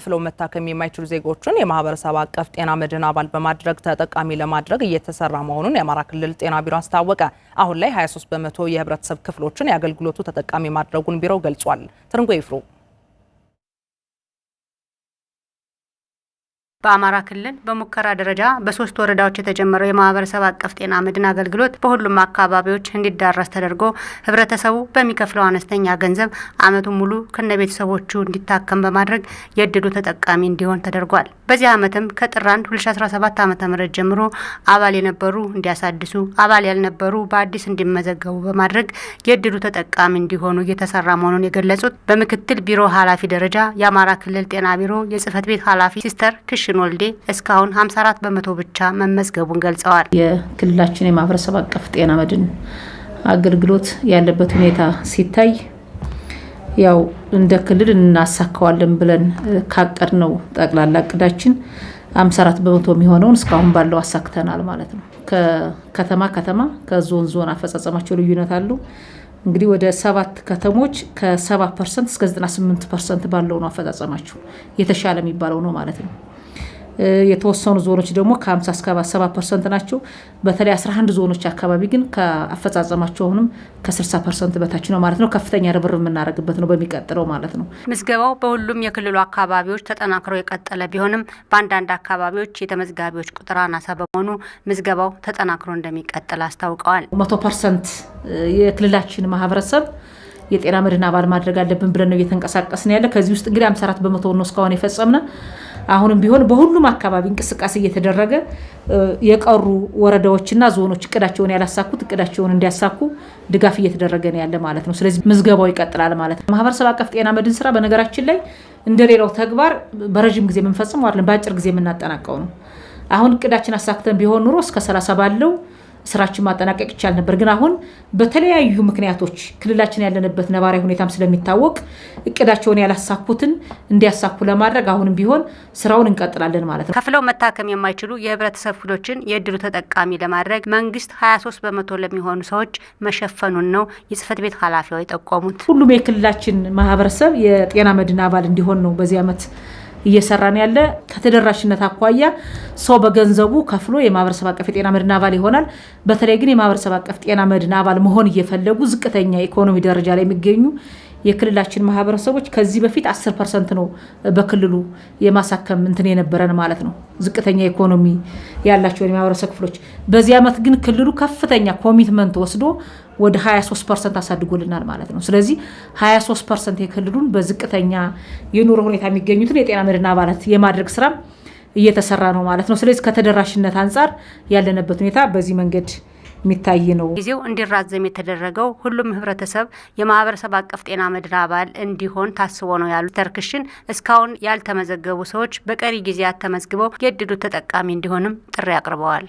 ከፍለው መታከም የማይችሉ ዜጎችን የማህበረሰብ አቀፍ ጤና መድህን አባል በማድረግ ተጠቃሚ ለማድረግ እየተሰራ መሆኑን የአማራ ክልል ጤና ቢሮ አስታወቀ። አሁን ላይ 23 በመቶ የህብረተሰብ ክፍሎችን የአገልግሎቱ ተጠቃሚ ማድረጉን ቢሮው ገልጿል። ትርንጎ ይፍሩ በአማራ ክልል በሙከራ ደረጃ በሶስት ወረዳዎች የተጀመረው የማህበረሰብ አቀፍ ጤና መድን አገልግሎት በሁሉም አካባቢዎች እንዲዳረስ ተደርጎ ህብረተሰቡ በሚከፍለው አነስተኛ ገንዘብ አመቱን ሙሉ ከነ ቤተሰቦቹ እንዲታከም በማድረግ የእድሉ ተጠቃሚ እንዲሆን ተደርጓል። በዚህ ዓመትም ከጥር 1 2017 ዓ ም ጀምሮ አባል የነበሩ እንዲያሳድሱ፣ አባል ያልነበሩ በአዲስ እንዲመዘገቡ በማድረግ የእድሉ ተጠቃሚ እንዲሆኑ እየተሰራ መሆኑን የገለጹት በምክትል ቢሮ ኃላፊ ደረጃ የአማራ ክልል ጤና ቢሮ የጽህፈት ቤት ኃላፊ ሲስተር ክሽ ኮሚሽን ወልዴ እስካሁን 54 በመቶ ብቻ መመዝገቡን ገልጸዋል። የክልላችን የማህበረሰብ አቀፍ ጤና መድን አገልግሎት ያለበት ሁኔታ ሲታይ ያው እንደ ክልል እናሳካዋለን ብለን ካቀድ ነው ጠቅላላ እቅዳችን 54 በመቶ የሚሆነውን እስካሁን ባለው አሳክተናል ማለት ነው። ከከተማ ከተማ ከዞን ዞን አፈጻጸማቸው ልዩነት አሉ። እንግዲህ ወደ ሰባት ከተሞች ከ70 ፐርሰንት እስከ 98 ፐርሰንት ባለው ነው አፈጻጸማቸው የተሻለ የሚባለው ነው ማለት ነው። የተወሰኑ ዞኖች ደግሞ ከ50 እስከ 70 ፐርሰንት ናቸው። በተለይ 11 ዞኖች አካባቢ ግን ከአፈጻጸማቸው አሁንም ከ60 ፐርሰንት በታች ነው ማለት ነው። ከፍተኛ ርብርብ የምናደርግበት ነው በሚቀጥለው ማለት ነው። ምዝገባው በሁሉም የክልሉ አካባቢዎች ተጠናክሮ የቀጠለ ቢሆንም በአንዳንድ አካባቢዎች የተመዝጋቢዎች ቁጥር አናሳ በመሆኑ ምዝገባው ተጠናክሮ እንደሚቀጥል አስታውቀዋል። መቶ ፐርሰንት የክልላችን ማህበረሰብ የጤና መድህን አባል ማድረግ አለብን ብለን ነው እየተንቀሳቀስን ያለ። ከዚህ ውስጥ እንግዲህ 54 በመቶ ነው እስካሁን የፈጸምነ አሁንም ቢሆን በሁሉም አካባቢ እንቅስቃሴ እየተደረገ የቀሩ ወረዳዎችና ዞኖች እቅዳቸውን ያላሳኩት እቅዳቸውን እንዲያሳኩ ድጋፍ እየተደረገ ነው ያለ ማለት ነው። ስለዚህ ምዝገባው ይቀጥላል ማለት ነው። ማህበረሰብ አቀፍ ጤና መድን ስራ በነገራችን ላይ እንደሌላው ተግባር በረዥም ጊዜ የምንፈጽመው አይደለም፣ በአጭር ጊዜ የምናጠናቀው ነው። አሁን እቅዳችን አሳክተን ቢሆን ኑሮ እስከ ሰላሳ ባለው ስራችን ማጠናቀቅ ይቻል ነበር። ግን አሁን በተለያዩ ምክንያቶች ክልላችን ያለንበት ነባራዊ ሁኔታም ስለሚታወቅ እቅዳቸውን ያላሳኩትን እንዲያሳኩ ለማድረግ አሁንም ቢሆን ስራውን እንቀጥላለን ማለት ነው። ከፍለው መታከም የማይችሉ የህብረተሰብ ክፍሎችን የእድሉ ተጠቃሚ ለማድረግ መንግስት 23 በመቶ ለሚሆኑ ሰዎች መሸፈኑን ነው የጽህፈት ቤት ኃላፊዋ የጠቆሙት። ሁሉም የክልላችን ማህበረሰብ የጤና መድን አባል እንዲሆን ነው በዚህ ዓመት እየሰራን ያለ ከተደራሽነት አኳያ ሰው በገንዘቡ ከፍሎ የማህበረሰብ አቀፍ የጤና መድን አባል ይሆናል። በተለይ ግን የማህበረሰብ አቀፍ ጤና መድን አባል መሆን እየፈለጉ ዝቅተኛ ኢኮኖሚ ደረጃ ላይ የሚገኙ የክልላችን ማህበረሰቦች ከዚህ በፊት 10 ፐርሰንት ነው በክልሉ የማሳከም እንትን የነበረን ማለት ነው፣ ዝቅተኛ ኢኮኖሚ ያላቸው የማህበረሰብ ክፍሎች። በዚህ ዓመት ግን ክልሉ ከፍተኛ ኮሚትመንት ወስዶ ወደ 23 ፐርሰንት አሳድጎልናል ማለት ነው። ስለዚህ 23 ፐርሰንት የክልሉን በዝቅተኛ የኑሮ ሁኔታ የሚገኙትን የጤና መድን አባላት የማድረግ ስራም እየተሰራ ነው ማለት ነው። ስለዚህ ከተደራሽነት አንጻር ያለንበት ሁኔታ በዚህ መንገድ የሚታይ ነው። ጊዜው እንዲራዘም የተደረገው ሁሉም ህብረተሰብ የማህበረሰብ አቀፍ ጤና መድን አባል እንዲሆን ታስቦ ነው ያሉት ተርክሽን እስካሁን ያልተመዘገቡ ሰዎች በቀሪ ጊዜያት ተመዝግበው የእድሉ ተጠቃሚ እንዲሆንም ጥሪ አቅርበዋል።